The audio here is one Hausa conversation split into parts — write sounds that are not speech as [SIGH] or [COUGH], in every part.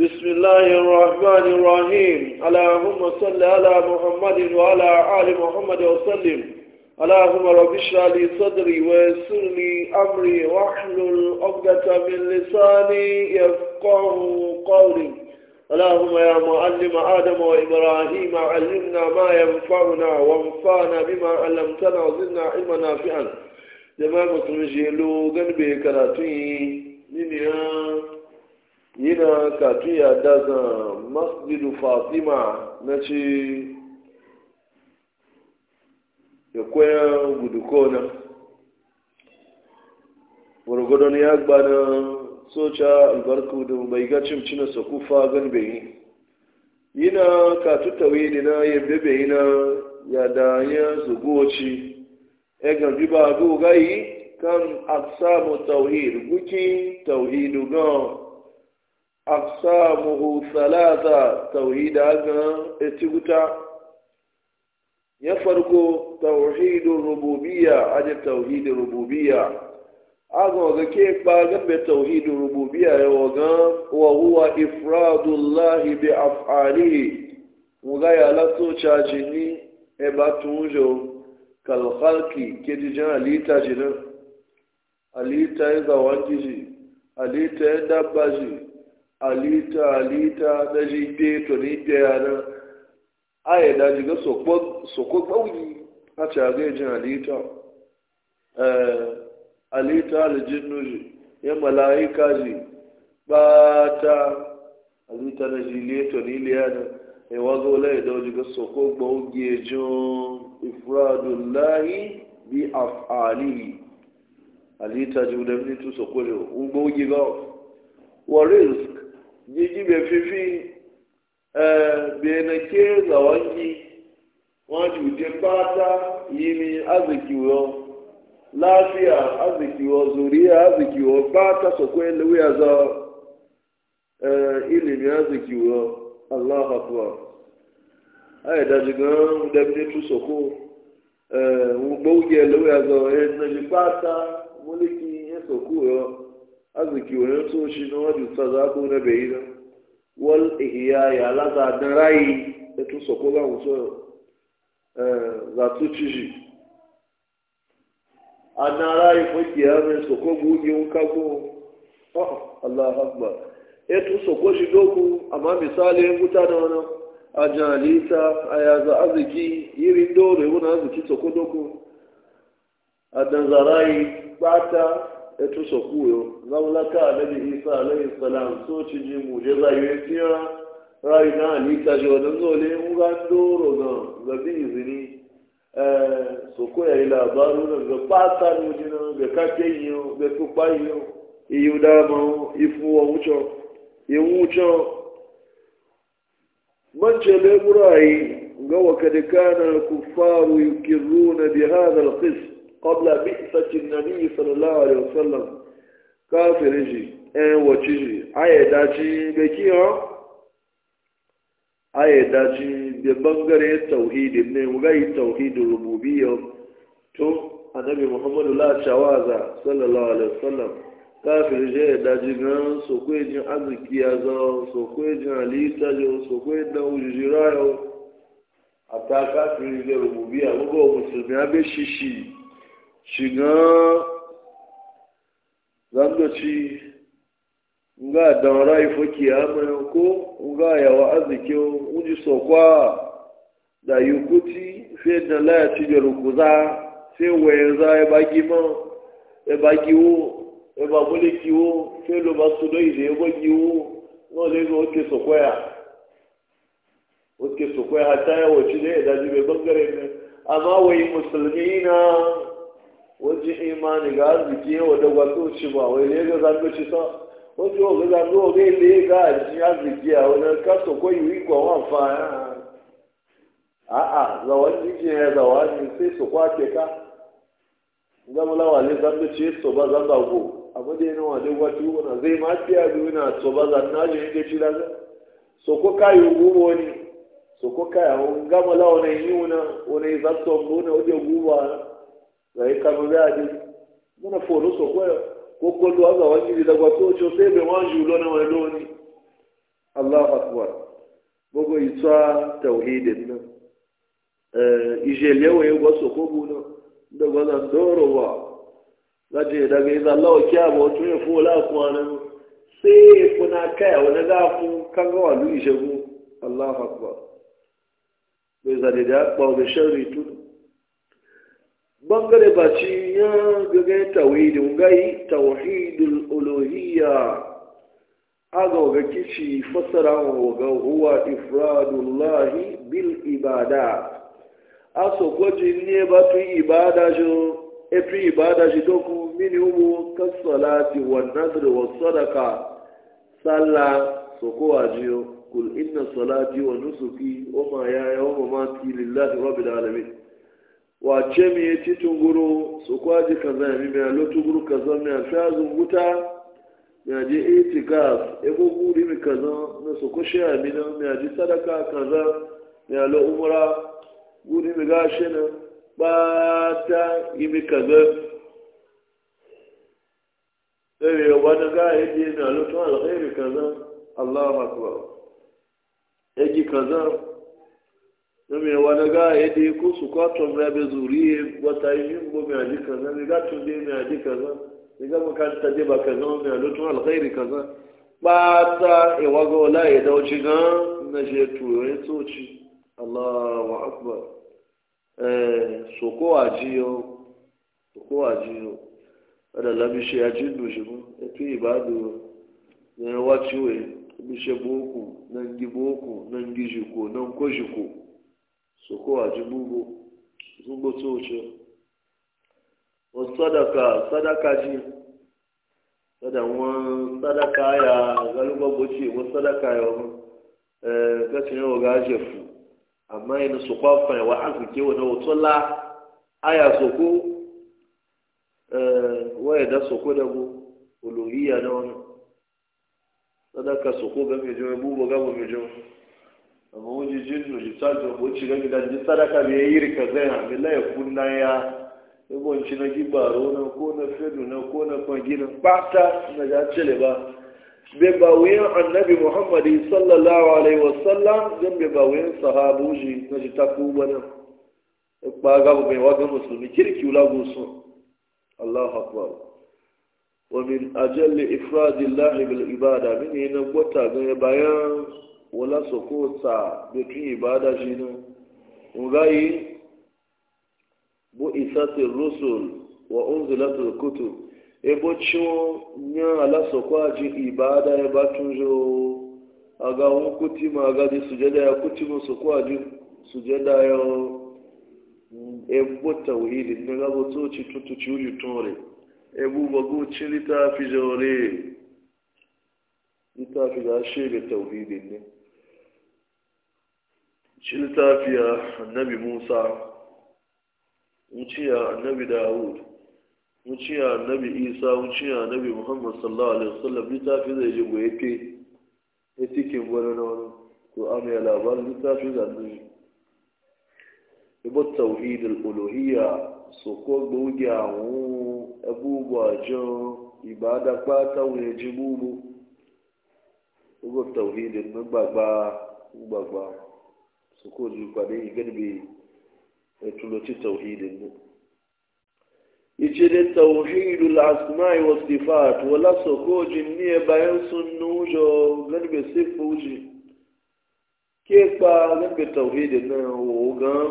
بسم الله الرحمن الرحيم اللهم صل على محمد وعلى آل محمد وسلم اللهم رب اشرح لي صدري ويسر لي أمري واحلل عقدة من لساني يفقه قولي اللهم يا معلم آدم وإبراهيم علمنا ما ينفعنا وانفعنا بما علمتنا وزدنا علما نافعا جماعة مسلمين جيلو قلبي كراتين yana katuya daga masjidu fatima na ci ya kwaya gudukona gwargwadon ya gbana socha albarku da bai ga cimcina su kufa gan bai yana katu da na yabbe bai na ya da ya zugoci ya e gambi ba gogayi kan aksamu tauhid guki tauhidu gan aqsaamuhu salaata tawxiid agan etiguta ya fargo tawxiidu rububiya aje tawxiidi rububiya agooga kee kpaagambe tawxiidu rububiya ewogan wa huwa ifraadu llahi biafcaalihi mugayala tuchaajini eba tunjo kalxalki kedija aliitajina aliita ezawanjiji aliita edabbaji alita alita na jide to ana a na aya da jiga sokwa gbauni a cagai e jin alita eh, alita da jinnuji ya mala'ika ji ba ta alita na jile to ni liya na ya wazo lai da jiga sokwa gbauni jin ifradullahi bi af'alihi alita ji wudan ni tu sokwa jo ugbo giga wa gigi bɛ fifi ɛɛ beneke lawangi wọn ti wùdí pátá yi ni azikiwọ láàfíà azikiwọ zòríà azikiwọ pátá sọkọ ẹlẹwẹ àzọ ɛɛ ilimi azikiwọ aláwọ àpò a dájú gan dẹbi tu sọkọ ɛɛ wọn gbọ wúdi ẹlẹwẹ àzọ ɛnẹbi pátá mọlẹki arziki wani soci na wajen ta za ku na bai na wal ihya ya laza da rayi da tun sako za mu so eh, za tu ci shi an na rayi fakiya mai sako buɗe un kago ah, Allah akbar ya tun shi doku amma misali ya guta da wani ajalita a yaza arziki irin dole wani arziki soko doku a danzarayi bata ya tusa kuyo zaulaka annabi isa alaihi salam so ci ji mujiza yusiya na alita ji wadan zole mu ga doro ga izini eh so ko ya ila baru na ga pata mu ji na ga kake yiyo ga tupa yiyo iyo da mo ifu wa ucho iyo ucho manje le burai ga wakad kana kufaru yukiruna bi hadha al qabla bi'sati nabi sallallahu alaihi wasallam kafiri shi en wace shi aye dace be kiyo aye dace be bangare tauhidi ne mu ga tauhidi rububiyya to annabi muhammadu la shawaza sallallahu alaihi wasallam kafiri je daji gan so kwe jin arziki ya zo so kwe jin ata kafiri je rububiyya mu musulmi abe shishi shiga zandoci nga dawara ifo kiyama ko nga yawa azike unji sokwa da yukuti fe da la ti za rukuza fe weza e bagimo e bagiwo e babule kiwo fe lo basudo ile e bagiwo no le go ke sokwa ya o ke sokwa hata ya wo chile e da jibe bangare ne amma wai musulmina wajen imani ga arziki wa da wato ci ba wai ne ga zango ci sa wajen yau ga zango ga ile ga ji arziki a wani kaso ko yi yi kwa a fa ne sai su ka zama lawa ne zango ci so ba zan zago amma da yana wa duk wata zai ma fiya ba zan ci da ko ko gama lawa yi wani gona wajen zai kama bi a ji muna foro so kwaya ko a ga wani da ba to ce sai bai wani julo na wani loni Allahu akbar bugu isa tauhidin nan eh ijele waye ko buno da wannan dorowa laje daga idan Allah kiya ya fola kwana sai kuna na wani ga ku kan ga walu akbar bangare ba ci ya gaga tawhidin gai tawhidul uluhiyya aga ga kici fasara ga huwa ifradullahi bil ibada aso kwaji ne ba tu ibada jo e tu ibada ji doku mini ubu kasalati wa nadr wa sadaqa salla soko ajiyo kul inna salati wa nusuki wa ma yaya ma ti lillahi rabbil alamin wace mi ya ci tunguro su kwaji kaza mi mai alo tunguro kaza mi a sha zunguta mi a je itikaf ebo guri mi kaza na su kushe a mi nan aji sadaka kaza mi alo umura, guri mi gashe na ba ta yi mi kaza ɗaya e, wani ga ya je mi alo tun alkhairi kaza allahu akbar ya e kaza nome wadaga yadda ko su kwaton rabe zuriye wata yin bo a ji kaza ne ga tun dai a ji kaza ne ga makaranta dai ba kaza mai alutun alkhairi kaza ba ta ewa ga wala ya dauci ga na je tuyo ya tsoci allahu akbar eh so ko soko so ko ajiyo ada labi shi aji do shi mu e tu ibadu ne wa ciwe bi she boku nan gi boku nan gi jiko nan ko jiko sokowajibugo zugbota ocho sadaka sadaka ji sada nwa sadaka ya galugba gbochi ewo sadaka ya ọma ee gasịrị ọrụ ga-ajefu amaghị na sokwa afọ ya wa azụke wena ụtụla aya soko ee eh, waya da soko da bụ olohiya na ọnụ sadaka soko ga mejo ebe ga bụ mejo amma wuji jinnu littafi wuci ga gidan jin sadaka bai yi rika zai hami laye kunna ya yabonci na gibaro na ko na fedu na ko na kwangina ɓata, na ga cele ba bai ba wuyan annabi muhammadu sallallahu alaihi wasallam zan bai ba wuyan sahabu shi na ji taku bana ba gaba mai waga musulmi kirki wula gosu allahu akbar ومن أجل إفراد الله بالعبادة من هنا قطع bayan. wala soko ta sa kin ibada shi ne ugayi bu isa isatir rusul wa unzilatul kutub ebo ciwo nya ala soko aji ibada ya batun jo aga won kutima aga di sujada ya kutima soko aji sujada ya ebo tawhidi ne ga bo to ci tutu ci uri tore ebo bagu ci litafi jore litafi ga shebe tawhidi ne shi littafiya annabi musa wuciya annabi dawud wuciya annabi isa wuciya annabi muhammad sallallahu alaihi wasallam littafi zai ji goye ke ya cikin wani na wani ko amma ya labarin littafi da annabi ibot tauhid al-uluhiyya so ko gbogi àwọn abubuwa jan ibada pata wuye jibubu ibot tauhid al-gbagba gbagba سكون يقالي جنبي تلوتي توحيد يجد توحيد الأسماء والصفات ولا سكون جنية بيان سنوش وغنبي سفوش كيف جنبي توحيد وغام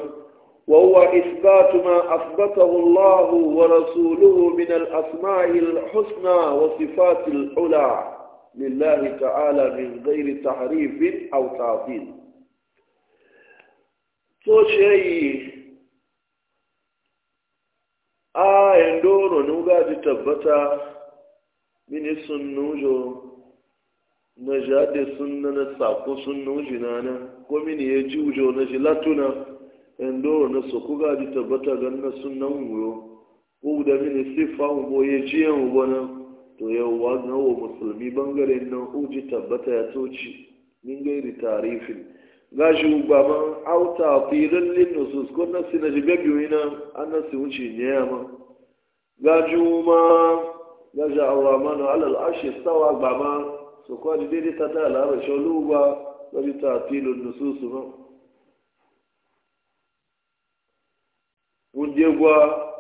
وهو إثبات ما أثبته الله ورسوله من الأسماء الحسنى وصفات العلى لله تعالى من غير تحريف أو تعطيل so ce yi a yandoro nuga ji tabbata mini sun nujo na jade sun na na sako sun nuji na na ko mini ya ji ujo na ji latuna yandoro na soko ga ji tabbata gan na sun na wuyo ko da mini sifa ubo ya ji yan ubo nan to yawwa na wa musulmi bangaren nan uji tabbata ya toci min gairi tarifin gashi gbaman auta filin linnusus ko nasi na jibe biyu ina an nasi wuce ne ya ma gashi ma gashi awraman alal arshi sawa gbama su kwa jide daidai ta ta al'arar shalu gashi ta filin nusus ma wunde gwa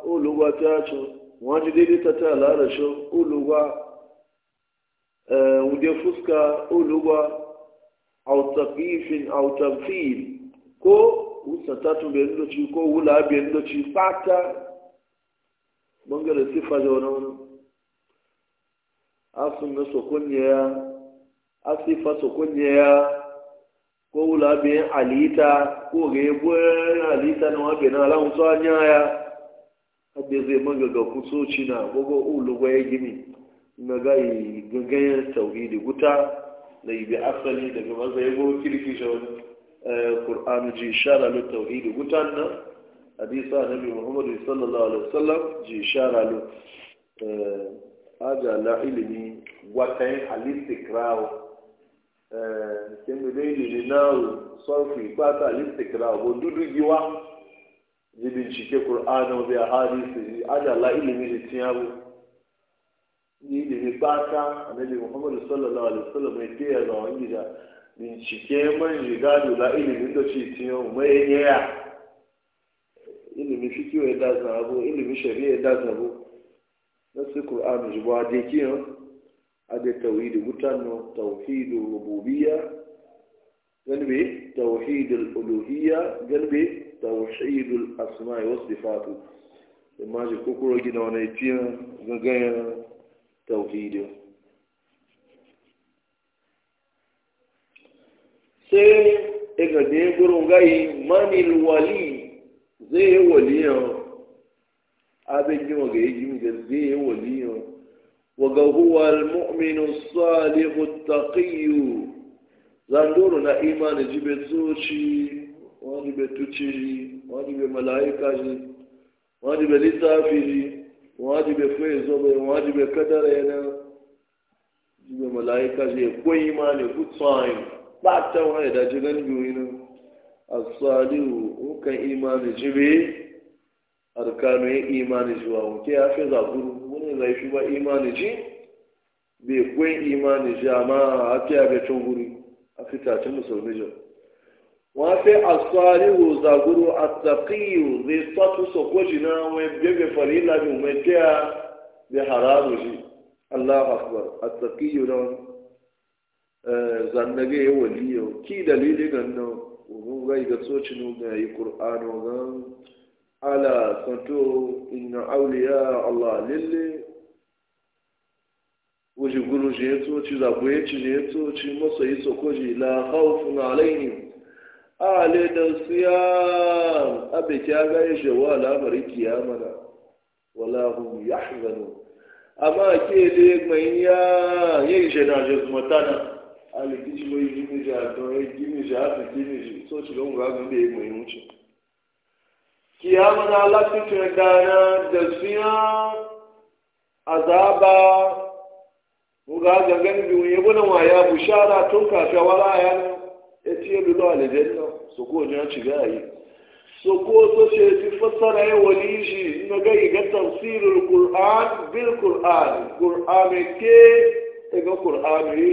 olugwa ta ci wani daidai ta ta al'arar shalu olugwa eh, wunde fuska olugwa au tafifin au tamfil ko wusa tatu bai ndoci ko wula bai ndoci fata bangare sifa da wani wani asun na sokonye ya asifa sokonye ko wula bai alita ko ga yabo alita na wabe na alamun su anya ya hadde zai magaga kusoci na gogo ulu ya gini na ga yi gangayen tauhidi guta da bi asali daga maza ya go kirki shi wani ƙur'anu eh, ji shara lu tauhidi gutan nan hadisa nabi muhammadu sallallahu alaihi wasallam ji shara lu eh, aja eh, na ilimi watan alistikrawo kendo da ilimi na sarfi kwata alistikrawo bo giwa ji bincike ƙur'anu bi hadisi aja la ilimi da tiyabu ni baka zai annabi muhammadu sallallahu alaihi wasallam mai tiya ga wani gida bincike man riga dula ilimin da ce tiyan mai yaya ilimin fikiyo ya da zabo ilimin shari'a ya da zabo na sai qur'an ji ba da kiyan a da tauhidi mutano tauhidul rububiyya galbe tauhidul uluhiyya galbe tauhidul asma'i was sifatu imma ji kokoro gina wani tiyan gangan tauhidin sai daga ne gurin gai manil wali zai yi waliyan abin yi wa ga yi gimi da zai yi waliyan waga huwa al-mu'minu salihu taqiyu zanduru na imani jibe tsoci wani be wani be mala'ika ji wani be littafi ji wajibe kwaye zobe wajibe kadara yana jibe malaika je koyi ma ne kutsayin ba ta waye da jigan biyu ne asalihu ukan imani jibe arkanu ya imani jiwa wuke ya fi zaburu wani zai shi ba imani ji bai koyi imani ji amma a fiya bai can guri a fitacin musulmi jau wafe asalihu zaburu a taƙiyu zai sokoji na wai bebe farila bi mai taya da haramu shi allah akbar at-taqiyyu don zannage ya wali yau ki dalilin gan nan mun ga ga socinu ga yi qur'ano gan ala santo inna awliya Allah lille gudun shi je to ci zabuye ci je to ci masoyi sokoji la khawfun alaihim ale da siyam abe kya ga ya shawo al'amari kiyamana wala hum yahzanu amma ke le mai ya yi shana je kuma tana ale kici mai gini ja to ya gini ja ta gini ji so shi don ga gande mai mutu kiyamana lati ta dana da siyam azaba mu ga gangan biyu ya gudan waya bushara tun kafin wala yana eti elu lọ alijanna soko onye ọchị gaayi soko oto ce ti fassara ya wani shi na gaghị ga tafsirin qur'an bil qur'an qur'an e ke e ga qur'an yi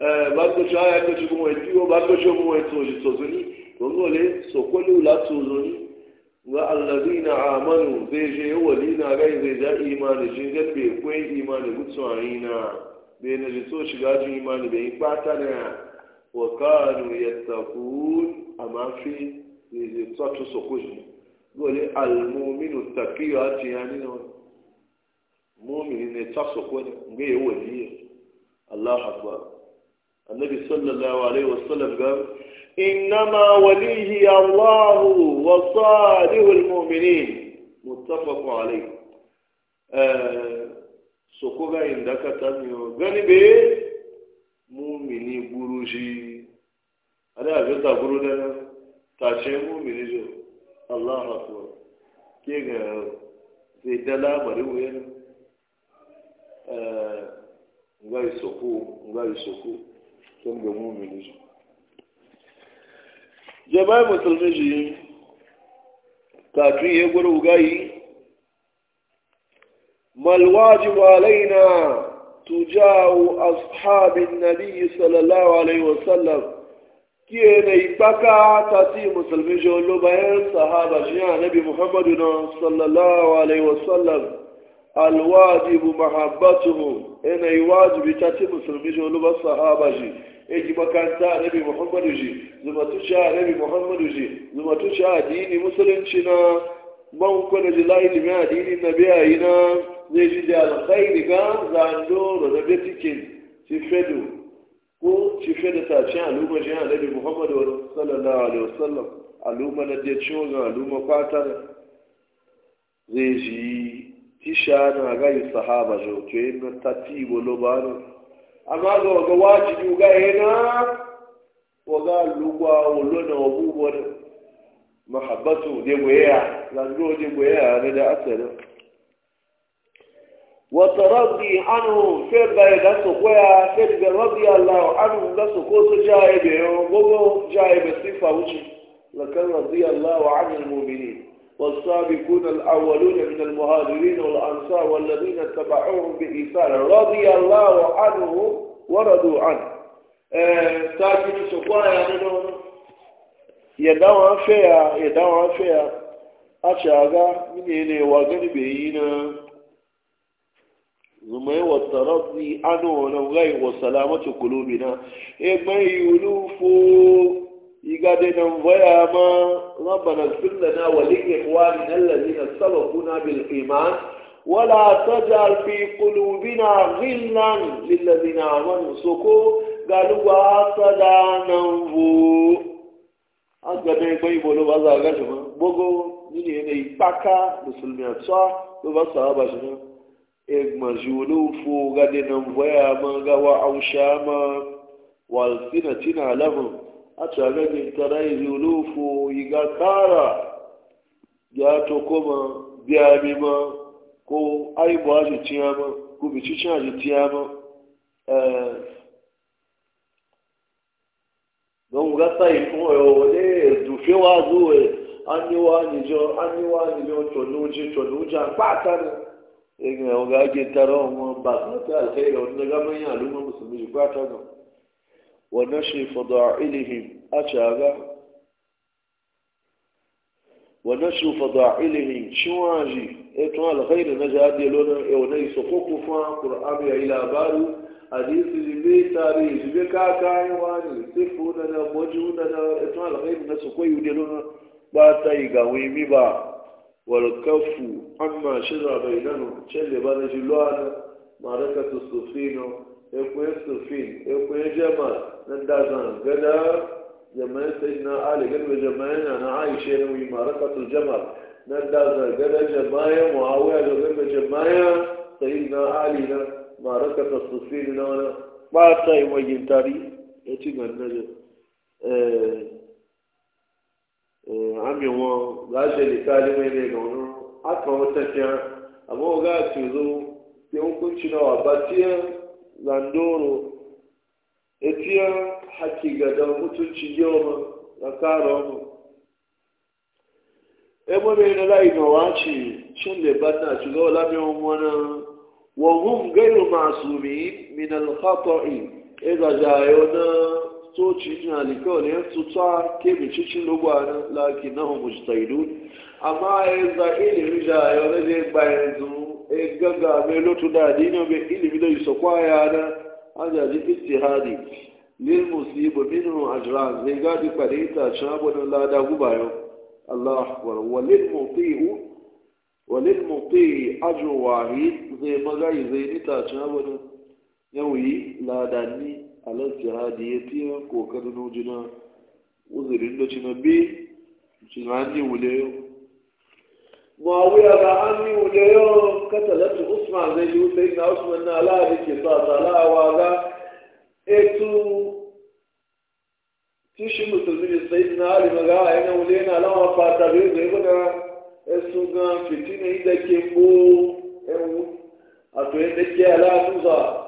e, ba to sha ya to shi kuma ti o ba to shi kuma to shi to zuni to ngole soko lu la to zuni wa allazina amanu zai je wali na gai zai ja imani shi ga be kwai imani gutsuwa na be na ji so shiga jin imani be yi kwata na Wakanu, yẹ̀tàkùn a máa fi lèlè tọ́tù sọ̀kó yìí lórí alìmọ́mínú takíyọ̀ àti ya nínú mọ́mìnì tọ́tù sọ̀kó gbé ìwò ní yẹn aláhàgbà anábì sọ́lọ́lá wàlẹ́ wọ sọ́lọ́ gbẹ́m ìnáma wọlé yí aláhù wọ sọ́ọ́dẹ́wò mọ́mìnì mumini gburu shi ada abin ta gburu da tashe mumini jo Allah akbar ke ga zai dala bari wuyan eh, nga isoku nga isoku tun ga mumini jo jama'a musulmi ji katun ya gburu gayi mal wajibu alaina tujaawu asxaabi nabiyi sala allahu alayhi wasalam kiyenay bakaatati muslimijoolubayen sahaaba jiyaa nabi muhammadina sala allahu alayhi wasalam alwaajibu maxabatuhu inay waajibitati muslimijooluba sahaabaji eji makanta nabi muhammaduji zumatucaa nabi muhammaduji zumatucaa diini muslimcina mankonaji laidimea diini nabiyayinaa zai ji da alkhairi ga zandoro na betikin cifedo ko cifedo ta cin al'umma shi annabi muhammadu sallallahu alaihi wasallam al'umma da ciwo ga al'umma fatar zai ji tisha na gayi sahaba jo to e na tati bolo ba no amma ga e ga wajibi ga yana wa ga lugwa wolo na wabu wani mahabbatu de goya zandoro de goya na da asalin وترضي عنه سير دا يغسقوا سير دا رضي الله عنه غسقوا سجايب وغو جايب الصفة وشي لكن رضي الله عن المؤمنين والسابقون الأولون من المهاجرين والأنصار والذين اتبعوهم بإحسان رضي الله عنه ورضوا عنه ساكن سقوا يعني يدعوا فيها يدعوا فيها أشاغا من إلي وغنبينا zumai wa tarafi ano wani gai wa salamatu kulubina e mai yulufu igade nan vaya ma rabbana ighfir lana wa li ikhwanina alladhina sabaquna bil iman ولا تجعل في قلوبنا غلا للذين آمنوا سكو قالوا واسدا ننفو أنت بين بين بولو بازا غشما بوغو نيني ني باكا مسلمي أتسا لو ba shi ne. majulufu ga dinan waya man gawa ausha ma wa walsina tina lahum a tare da tarai yi ga kara ya to kuma biya mi ma ko aibu a jitiya ma ko ci cin a jitiya ma don gasa ifun ọyọ wọlé ẹdùnfẹ wa zuwe yi wa aniwa nijọ tọnuji tọnuja pátá ni. ege oga age tara ọmọ bakata alheri wanda gama yin al'umma musulmi ba ta ga wannan shi fada ilihim a caga wannan shi fada ilihim shiwaji eto alheri na jade lona na iso ko kufa na yi والكف عما شجر بينهم شل بان جلوان معركة الصفين يكون الصفين يكون جمال ندازان قدا جمال سيدنا علي قد جمالنا أنا عايشة نوي معركة الجمال ندازان قدا جمال معاوية قد جمال سيدنا علي معركة الصفين نوانا ما تايم وجنتاري يتينا النجم ami wọn gaadze ɖeka ɖe me ɖe gɔn no atɔ wo tɛfia amewo na wo abatia zandoro etia gada mutu tsi ọma na me gaka ebe wo eme ɖe yina la bata la mi wo mɔ na wɔhum gɛlu i na. soci jina likawai ya tuta ke bicicin lugwanin laki na homostaidu amma ya ilimi da a wani zai bayan zu ya gaga mai lotu da adini mai ilimi da yusa kwaya na ajaji istihadi lil musibu minhu ajran zai gadi kwadita allah halarci hadi ya tiya kokarin nujina uzurin da cina bi cina hannu wule yau mawuya ga hannu wule yau katalatu usman zai yi wuce na usman na ala ke sa salawa ga etu tishi musulmi ne sai na ali maga a yana wule yana alama fata bai zai guda esu ga fitina yi da ke bo ewu a to yadda ke ala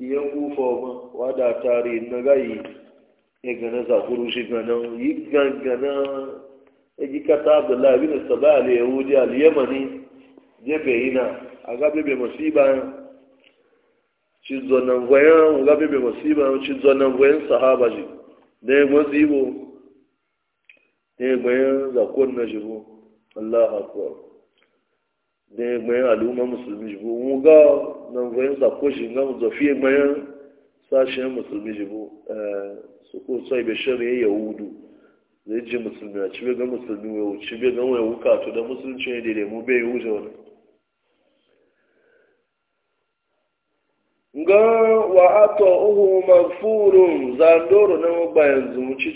yangu foma wada tari nagai gana za guru shigana yigangana ejikata abdullahi bin sabah al yahudi al yamani jebe a ga bebe masiba chizo na ngwaya ga bebe masiba chizo na ngwaya sahaba ji ne mwazibo ne ngwaya za konna jibo allah akbar da ya mayan al'ummar musulmi jibo mu ga nan bayan zakoshi ga mu zafi mayan sashen musulmi jibo su ko sai bai shari ya yahudu da ya musulmi a cibe ga musulmi ya wuce bai ga wani wuka to da musulunci wa ato uhu magfurun zandoro na magbayan zumunci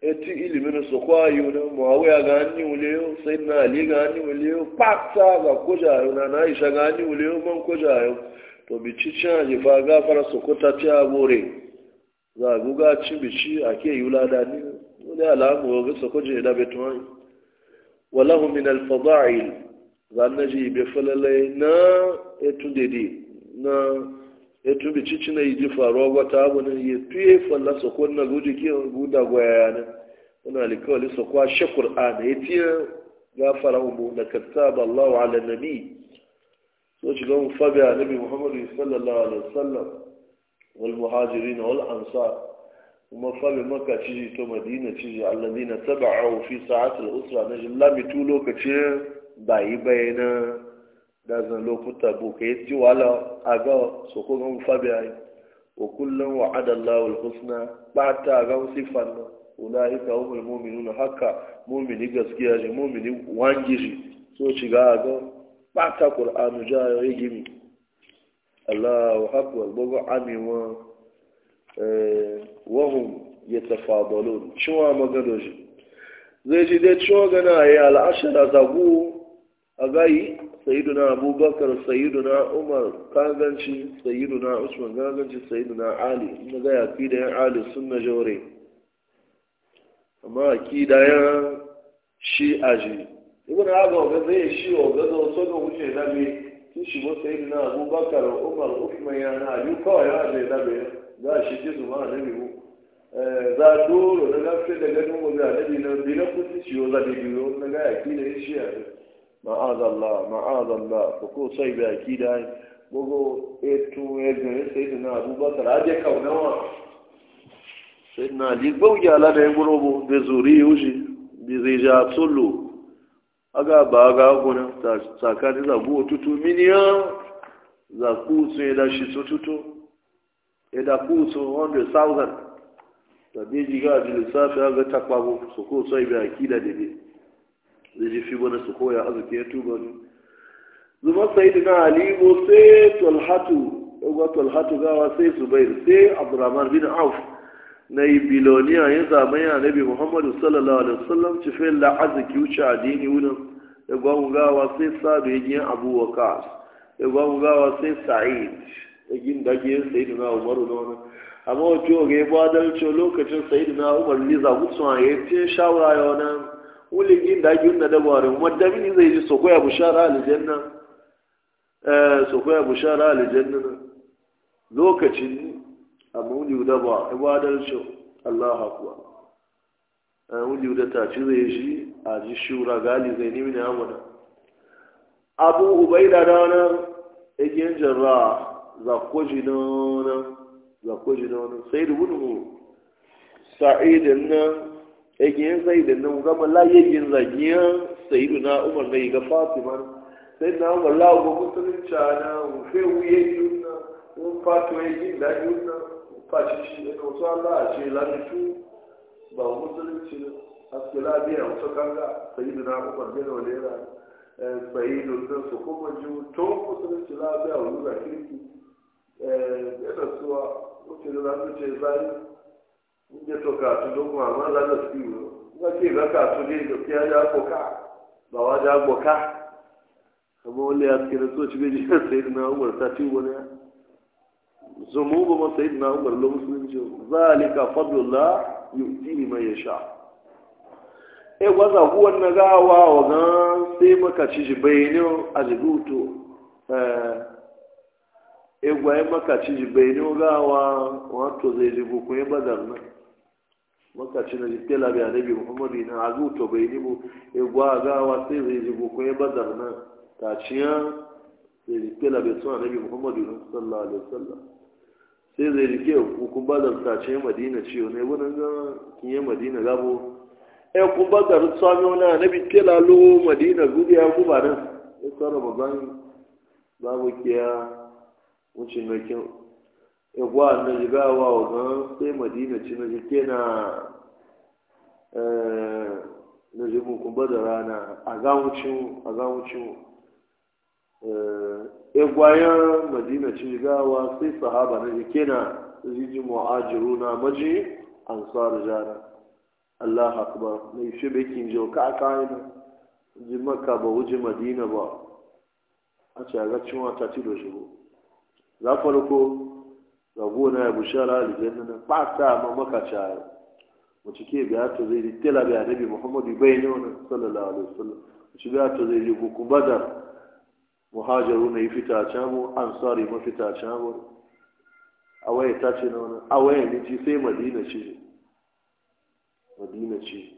eti ilimin su kwayo na muawiya ga hannu wuleyo sai na ali ga hannu wuleyo pata ga kujayo na na isha ga hannu wuleyo man kujayo to bici cin ajifa gafara su kuta ci a gore za a guga ci bici a ke yi wulada ni wani alamu ga su kuje da betuwan walahu min alfada'il za na ji ibe falalai na etu dede na etu bi cici na iji faruwa wata abu ne ya tuye falla soko na guji kiyan guda gwaya ne wani alikawali soko a shakur a na ya tiye gafara umu na kattaba allahu ala nabi so shiga mu fabi a nabi muhammadu sallallahu alaihi wasallam wal na wal ansar kuma fabi maka ciji to madina ciji allazina taba'u fi saatul usra na jilla mi lokacin lokaci bayi bayana dazan lokuta buka ya ji wala a ga sokogon fabiyayi wa kullum wa adallawul husna ta ga sifan na ulaika humul mu'minuna haka mu'mini gaskiya ji mu'mini wangiri. so ci ga ga bata qur'anu jayo yi gimi Allahu akbar bugu amiwa eh wahum yatafadalun cewa magano shi zai ji dai cewa gana ya al'ashara zagu a gayi sayyiduna abubakar sayyiduna umar kaganci sayyiduna usman kaganci sayyiduna ali na gaya fi da yan ali sun na jaure amma ki da yan shi aji ibn aga ga zai shi o ga zo so ga wuce da me ki shi go sayyiduna abubakar umar usman ya na ali kawai ya zai da be za shi ji zuma da ne eh, za dole na gafe da ganin mu da nabi na bi na kuci ciwo za da biyo na gaya ki da shi aji ma'azallah ma'azallah ko ko sai ba ki e tu etu egan sai na abubakar aje kaunawa sai na li gogi ala da gurobo da zuri uji bi zai ja tulu aga ba ga gona da zagu tutu miniya za ku sai da shi tutu da ku sun 100,000 da bai jiga da lissafi aga takwago su ko sai ba ki da daidai zai ji fi wani su koya arziki ya tuba ne zuma sai da na alibo sai tolhatu ɗaga tolhatu gawa sai zubair sai abdurrahman bin auf na yi biloniya ya zama ya nabi muhammadu sallallahu alaihi wasallam ci fi la arziki wuce addini wurin gwamu gawa sai sadu ya gina abu ya gwamu gawa sai sa'id gina dage sai da na umaru na wani amma wato ga ya bada lokacin sai da na umaru ne zagu yi ya fi shawara ya wani wuligin da ake da dabarun, wadda zai ji sokoya bushara aljanna eh, sokoya bushara aljanna lokacin amma wuli da ba ibadar e shi Allah akwa eh, wuli da ta ci zai shi a ji shura gali zai nimi na amana abu ubaida da wani igiyan e jarra zakoji na wani zakoji na wani sai rubunu sa'idin nan yake yin zai da nan gama layin yin sai sayidu na umar na ga fatima sai na umar lawo ga musulun na rufe wuye yunna un fatima ya yi da yunna un fashi shi ka wasu allah a ce lamitu ba musulunci haske labiya wasu kanga sayidu na umar bin eh, sai sayidu na su kuma ji to ci labiya wani zakirki eh, yana suwa wuce da lamitu ya zai níbi tó ka àtúndógún àmọ́ lálẹ́ sí ìwé nígbà ka àtúndé ìdòkè ajá kó ká bàwá ajá gbọ́ ká ti méjì náà sẹ́yìn náà wọ̀ sátì wọ́n náà zùmú bọ́ mọ́ sẹ́yìn ka fọ́dùlá yóò ma ì máa na maka egwaye makaci ji bai ne gawa wato zai ji buku ya badar nan makaci na ji tela bai anabi muhammadu na azu to bai ne bu egwa gawa sai zai ji buku ya badar nan kaciya zai ji tela bai sun anabi muhammadu na sallallahu alaihi wasallam sai zai rike hukun badar kaciya madina ciwo ne e wani ga kinye madina gabo ɗaya kun badar sami wani anabi tela lo madina gudu ya guba nan ya e sarrafa zan babu kiya wuce mai kyau ya gwa na jigawa wa gan sai madina ci na jike eh, na na jimin da rana a gawucin a gawucin eh, madina ci jigawa sai sahaba na jike na jijin mu'ajiru na maji ansar jana Allah akbar mai shi bekin jau ka aka yana ji maka ba wuji madina ba a ce ta ga cin wata za farko rabo na ya bushara aljanna na fata ma makacha mu cike biya to zai yi tela biya nabi muhammadu bai ne wani sallallahu alaihi wasallam mu biya to zai yi ku badar muhajiru na yi fita can mu ansari ma fita can mu awaye ta ce na wani awaye ne ci sai madina ci madina ci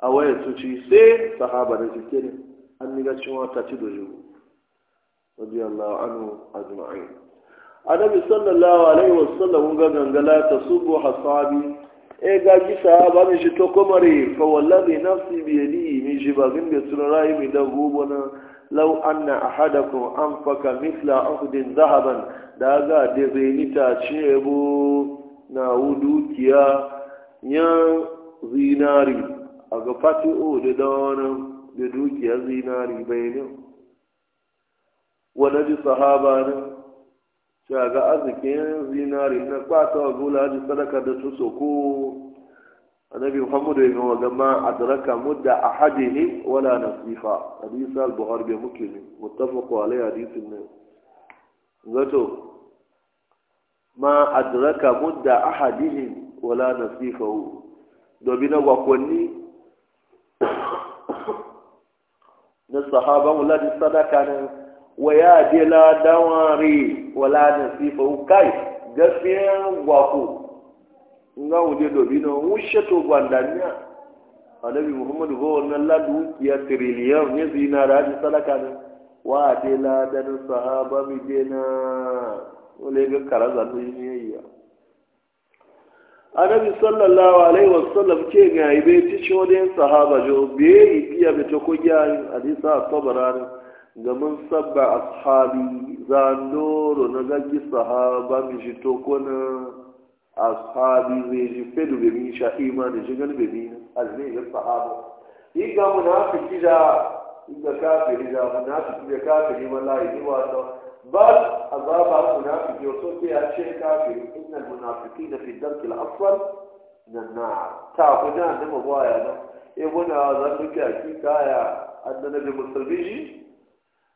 awaye su ci sai sahaba da suke ne an ni ga cewa ta ci dojo radiyallahu anhu ajma'in annabi sallallahu alaihi wasallam ga gangala ta subu hasabi e ga ji sahaba mi shi to komare fa wallahi nafsi bi yadi mi shi ba gin da tsurai mi da gobona law anna ahadakum anfaka mithla uhdin zahaban da ga de zenita bu na wudukiya yan zinari a ga fati'o da dawanan da dukiyar zinari bai wani ji sahaba ne shaga arzikin zinari na kwata wa gula ji sadaka da su soko annabi muhammadu ya gawa gama adraka mudda ahadihim wala nasifa hadisi al-buhari bai muke ne muttafaqu alai hadisin ne zato ma a adraka mudda ahadihim wala nasifahu domin na gwakwanni [COUGHS] na sahaban wula ji sadaka ne waya je la dawari wala nasifa ukai gaskiya gwako nga wuje dobi no wushe to gwandanya annabi muhammadu ko wannan ladu ya ne zina da hadin sadaka ne wa je la dan sahaba mi karaza yi annabi sallallahu alaihi wasallam ke ga ibe ti shode sahaba jo be yi biya be to ko a hadisa tabarani ga mun saba ashabi za noro na gaggi sahaba mi shi tokona ashabi zai ji fedu bai min sha ima da shi gani bai min azmi ga sahaba yi ga munafiki da inda kafiri da fi da kafiri wallahi ni wato ba azaba munafiki wato sai ya ce kafiri innal munafiqina fi dalkil asfal nan na ta kuma da mabaya na e wannan zan duka ki kaya annabi musulmi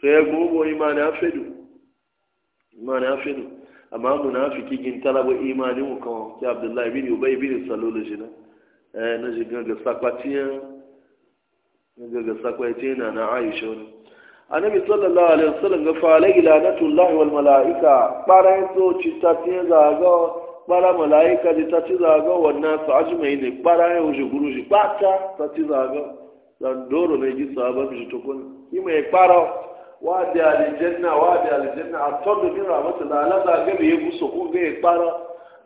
to ya gogo imani afedu imani afedu amma munafiki gin talaba imani mu kan ki abdullahi bin ubay bin salulu jina eh na jiga ga sakwatiya ga ga sakwatiya na na aisha ne annabi sallallahu alaihi wasallam ga fa alai lanatullahi wal malaika barai to citatiya ga ga bara malaika da tati zaga wannan su ajmai ne bara ya wuce guruji bata tati ga. dan doro ne ji sahaban ji to kun yi mai fara wadi alijanna wadi alijanna atondo mi ramata da alaga gabe ga ya kpara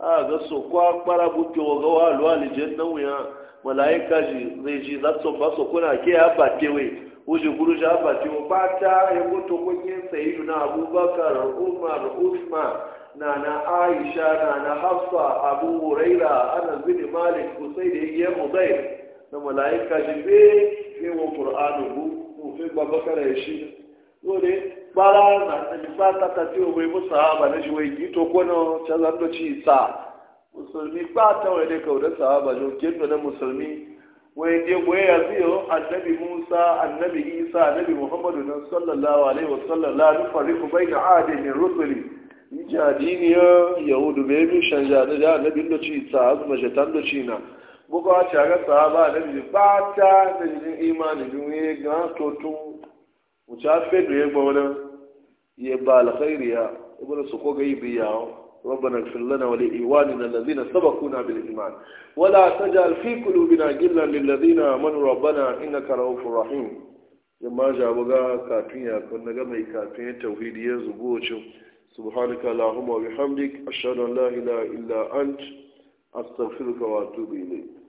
a ga so ko kpara buke wa ga wa lo alijanna wuya malaika ji zai ji za to ba so kuna ke ya bate we ya goto ko abubakar umar usman nana aisha nana hafsa abu huraira anas malik usayd ya na malaika ji be ke babakar dole bara na bisa ta ta ti owe musa ba na jiwe yi to kono ta zan ci sa musulmi ba ta wai da kaura sahaba jo kendo na musulmi wai je goye ya biyo annabi musa annabi isa annabi muhammadu nan sallallahu alaihi wa sallam la nufarriqu baina adin min rusuli jadi ya yahudu be bi shanja da annabi do ci sa azuma shaitan do ci na buga ta ga sahaba annabi ba ta da jin imanin dun ga to tun Mu a fe da yagba wani ya ba alkhairiya wani su ko ga yi biya rabbana fil lana wal iwani lil ladina sabaquna bil iman wala tajal fi qulubina gillan lil ladina amanu rabbana innaka rahufur rahim yamma ja buga kafin ya kun daga kafin tauhidi ya zubo cin subhanaka allahumma wa bihamdik ashhadu an la ilaha illa ant astaghfiruka wa atubu ilayk